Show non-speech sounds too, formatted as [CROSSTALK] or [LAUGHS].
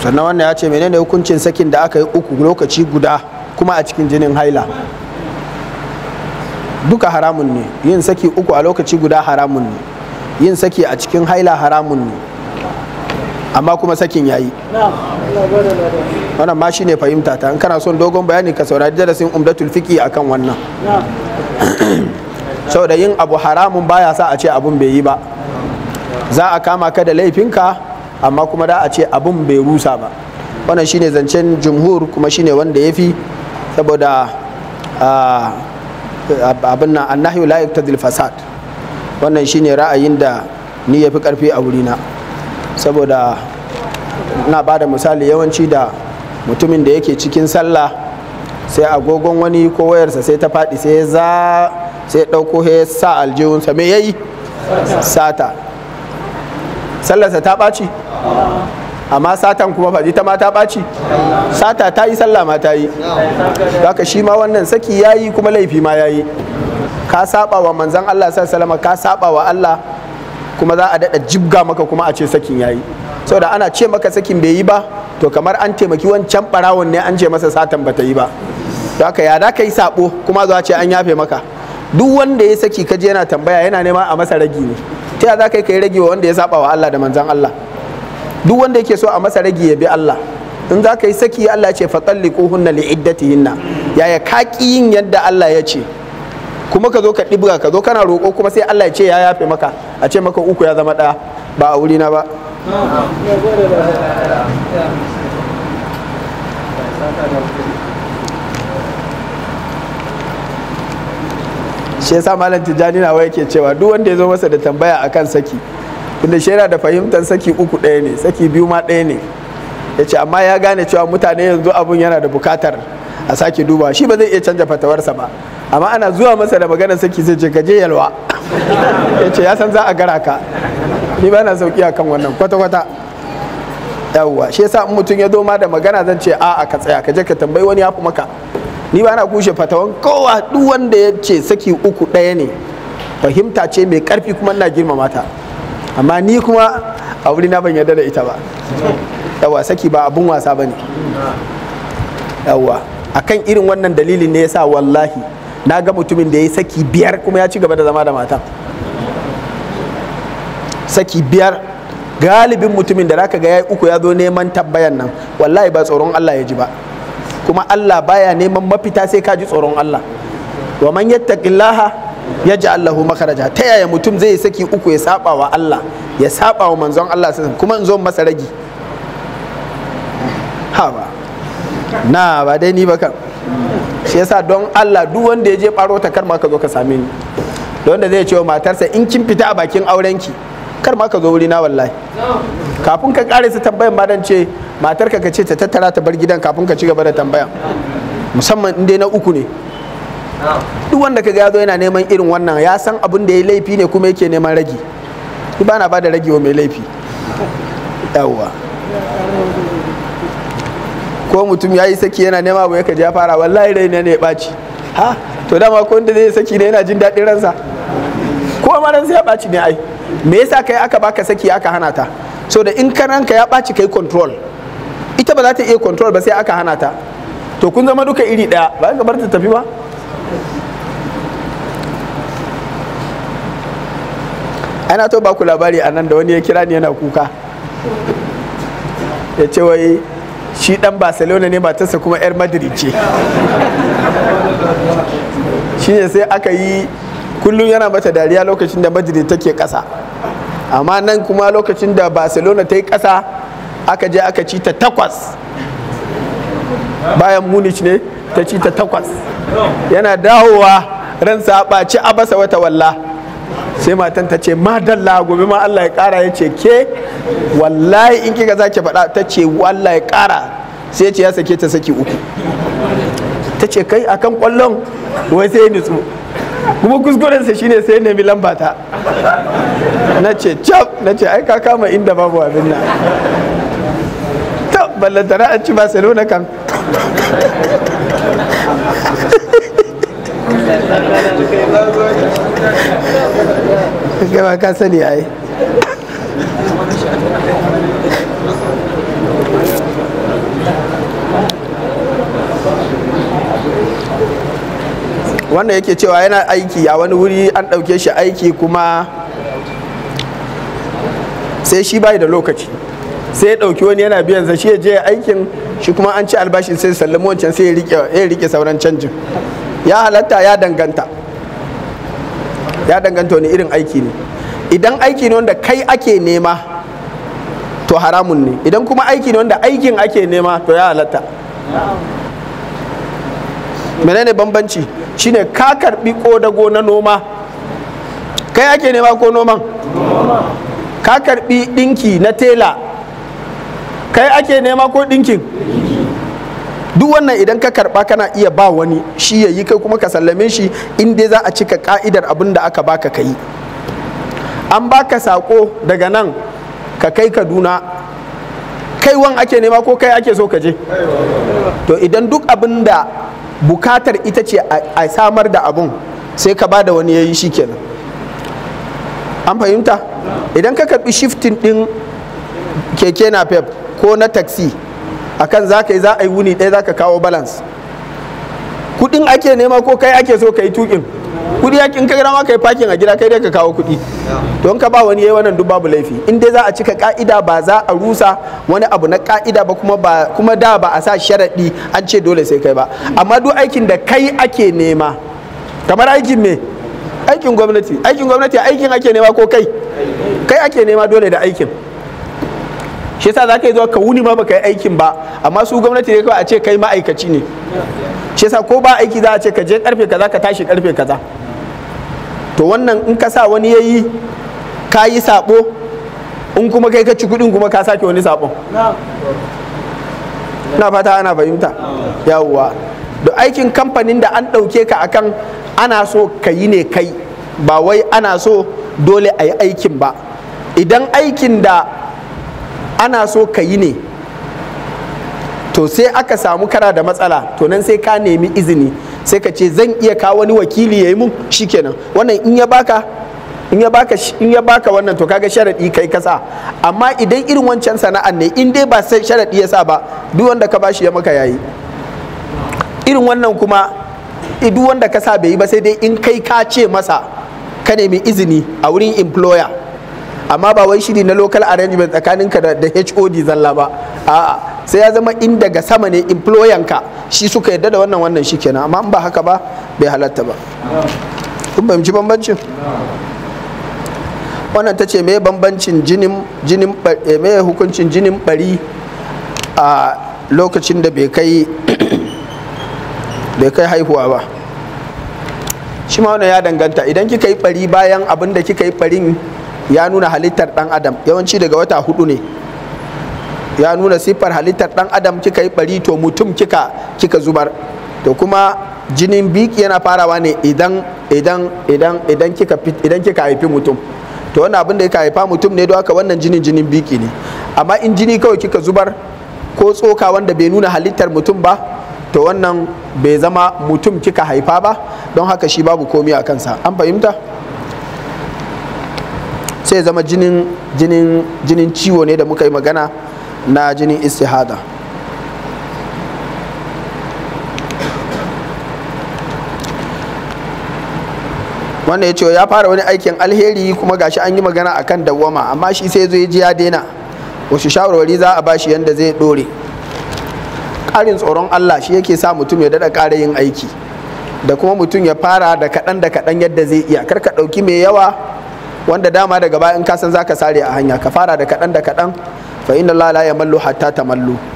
sannan wannan ya ce menene hukuncin sakin da aka yi uku lokaci guda kuma a cikin jinin haila duka haramun ne yin saki uku a lokaci guda haramun ne yin saki a cikin haila haramun ne amma kuma sakin ya yi wannan ma shi ne fahimta ta in kana son dogon bayani ka saurari darasin umdatul fiki akan wannan saboda yin abu haramun baya sa a ce abun bai yi ba za a kama ka da laifinka amma kuma da a ce abin bai rusa ba wannan shine zancen jumhur kuma shine wanda ya fi saboda abin na annahi la yuktadil fasad wannan shine ra'ayin da ni ya fi karfi a wurina saboda na ba da misali yawanci da mutumin da yake cikin sallah sai agogon wani ko wayarsa sai ta faɗi sai za sai ɗauko ya sa aljihunsa me yayi sata sallarsa ta ɓaci amma satan kuma faji ta mata ta ɓaci sata ta yi sallah ma ta yi ka shi ma wannan saki ya yi kuma laifi ma ya yi ka saba wa manzan Allah sallama ka saba wa Allah kuma za a daɗa jibga maka kuma a ce sakin ya yi saboda ana ce maka sakin bai yi ba to kamar an taimaki wancan ɓarawon ne an ce masa satan ba ta yi ba haka ya da ka yi sabo kuma za a ce an yafe maka duk wanda ya saki kaje yana tambaya yana nema a masa ragi ne ta za ka yi ragi wa wanda ya saba wa Allah da manzan Allah duk wanda yake so a masa ragi ya bi Allah in za ka yi saki Allah ce fa tsallikuhunna li iddatihinna yaya ka yin yadda Allah ya ce kuma ka zo ka ɗibga ka zo kana roƙo kuma sai Allah ya ce ya yafe maka a ce maka uku ya zama ɗaya ba a wurina ba shi yasa malam tijjani na yake cewa duk wanda ya zo masa da tambaya akan saki inda shi yana da fahimtar saki uku ɗaya ne saki biyu ma ɗaya ne ya ce amma ya gane cewa mutane yanzu abun yana da bukatar a sake duba shi ba zai iya canja fatawarsa ba amma ana zuwa masa da maganar saki zai je gaje yalwa [LAUGHS] ya ce ya san za a gara ka ni ba na sauki a kan wannan kwata-kwata yawwa shi yasa in mutum ya zo da magana zan ce a'a ka tsaya ka je ka tambayi wani ya fi maka ni ba na kushe fatawan kowa duk wanda ya ce saki uku ɗaya ne fahimta ce mai karfi kuma na girmama ta amma ni kuma a wuri na ban yarda da ita ba yawa saki ba abun wasa ba ne yawa akan irin wannan dalilin ne ya sa wallahi na ga mutumin da ya saki biyar kuma ya ci gaba da zama da matan saki biyar galibin mutumin da zaka ga yayi uku ya zo neman tabbayan nan wallahi ba tsoron Allah ya ji ba kuma Allah baya neman mafita sai ka ji tsoron Allah wa man yattaqillaha ya ji Allahu makaraja ta yaya mutum zai yi saki uku ya saba wa Allah ya saba wa manzon Allah kuma in zo masa ragi ha ba na ba dai ni ba kan shi yasa don Allah duk wanda ya je baro ta kar ka zo ka same ni da zai ce wa matarsa in kin fita a bakin aurenki kar ma ka zo wuri na wallahi kafin ka kare su tambayan ma dan ce matarka ka ce ta tattara ta bar gidan kafin ka ci gaba da tambaya musamman in dai na uku ne duk wanda ka gado yana neman irin wannan ya san abin da ya laifi ne kuma yake neman ragi ba na ba da ragi wa mai laifi yawwa ko mutum ya yi saki yana nema abu ya kaji ya fara wallahi rai ne ya ɓaci ha to dama ko wanda zai saki ne yana jin daɗin ransa ko ma ransa ya ɓaci ne ai me yasa kai aka baka saki aka hana ta so da in kan ranka ya ɓaci kai control ita ba za ta iya control ba sai aka hana ta to kun zama duka iri ɗaya ba ka bar ta tafi ba ana to ba ku labari a nan da wani ya kira ni yana kuka ya ce wai shi dan barcelona ne matarsa kuma yar madrid ce shi ne sai aka yi kullum yana mata dariya lokacin da madrid take kasa amma nan kuma lokacin da barcelona ta yi kasa aka je aka ci ta takwas bayan munich ne ta ci ta takwas yana dawowa ransa a ɓaci a basa wata walla sai matan ta ce madalla gobe ma Allah ya kara ya ce ke wallahi in kika zaki faɗa ta ce wallah ya kara sai ce ya sake ta saki uku ta ce kai akan kwallon wai sai nutsu kuma kuskurensa shine sai nemi lamba ta na ce chap na ce ai ka kama inda babu abin nan ta ballantana an ci barcelona kan gaba ka sani ai wannan yake cewa yana aiki a wani wuri an ɗauke shi aiki kuma sai shi bai da lokaci sai ya ɗauki wani yana biyan sa shi ya je aikin shi kuma an ci albashin sai sallama wancan sai ya rike sauran canjin ya halatta ya danganta ya danganta wani irin aiki ne idan aiki ne wanda kai ake nema to haramun ne idan kuma aiki ne wanda aikin ake nema to ya halatta menene bambanci shine ka karbi kodago na noma kai ake nema ko noman ka karbi dinki na tela kai ake nema ko ɗinkin duk wannan idan ka karba kana iya ba wani shi ya yi kai kuma ka sallame shi in dai za a cika ka'idar abin da aka baka ka yi an baka sako daga nan ka kai kaduna kai kaiwan ake nema ko kai ake so ka je to idan duk abin da bukatar ita ce a samar da abun sai ka ba da wani ya yi shi kenan an fahimta idan ka karbi shiftin din keke na pep ko na taxi a kan za ka yi za a yi wuni ɗaya za ka kawo balance kuɗin ake nema ko kai ake so ka yi tuƙin kuɗi yakin ka gida ka yi parking a gida kai dai ka kawo kuɗi don ka ba wani yayi wannan duk babu laifi in dai za a cika ka'ida ba za a rusa wani abu na ka'ida ba kuma ba kuma da ba a sa sharaɗi an ce dole sai kai ba amma duk aikin da kai ake nema kamar aikin me aikin gwamnati aikin gwamnati aikin ake nema ko kai kai ake nema dole da aikin shi yasa zaka yi zuwa ka wuni ma baka yi aikin ba amma su gwamnati ne kawai a ce kai ma'aikaci ne shi yasa ko ba aiki za a ce ka je karfe kaza ka tashi karfe kaza to wannan in ka sa wani yayi ka yi sabo in kuma kai ka ci kudin kuma ka sake wani sabon na fata ana fahimta yawwa da aikin kamfanin da an ɗauke ka akan ana so ka yi ne kai ba wai ana so dole a yi aikin ba idan aikin da ana so ka yi ne to sai aka samu kara da matsala to nan sai ka nemi izini sai ka ce zan iya kawo wani wakili ya yi mun shikenan wannan in ya baka in ya baka in ya baka wannan to kaga sharadi kai kasa amma idan irin wancan sana'an ne in dai ba sai sharadi ya sa ba duk wanda ka bashi ya maka yayi irin wannan kuma duk wanda ka sa bai yi ba sai dai in kai ka ce masa ka nemi izini a wurin employer amma ba wai shiri na local arrangement tsakaninka da, da hod zalla ba a'a sai ya zama in daga sama ne employanka shi suka yadda da wannan wannan shi kenan amma in ba haka ba bai halatta ba kun fahimci bambancin wannan ta ce me bambancin jinin jinin eh, me hukuncin jinin bari a lokacin da bai kai bai kai haihuwa ba shi ma wannan ya danganta idan kika yi bari bayan abin da kika yi barin ya nuna halittar dan adam yawanci daga wata hudu ne ya nuna siffar halittar dan adam kika yi bari to mutum kika kika zubar to kuma jinin biki yana farawa ne idan idan idan idan kika idan kika haifi mutum to wannan abin da ya haifa mutum ne don haka wannan jinin jinin biki ne amma in jini kawai kika zubar ko tsoka wanda bai nuna halittar mutum ba to wannan bai zama mutum kika haifa ba don haka shi babu komai a kansa an fahimta sai zama jinin ciwo ne da muka yi magana na jinin istihada wannan ya ce ya fara wani aikin alheri kuma gashi an yi magana a kan dawwama amma shi sai zai ji ya daina wasu shawarwari za a bashi yadda zai dore ƙarin tsoron allah shi yake sa mutum ya daɗa ƙara yin aiki da kuma mutum ya fara da kaɗan da kaɗan yadda zai iya kar ka ɗauki mai yawa wanda dama daga baya in ka san zaka sare a hanya ka fara da kaɗan da kaɗan fa inna la la yamallu hatta tamallu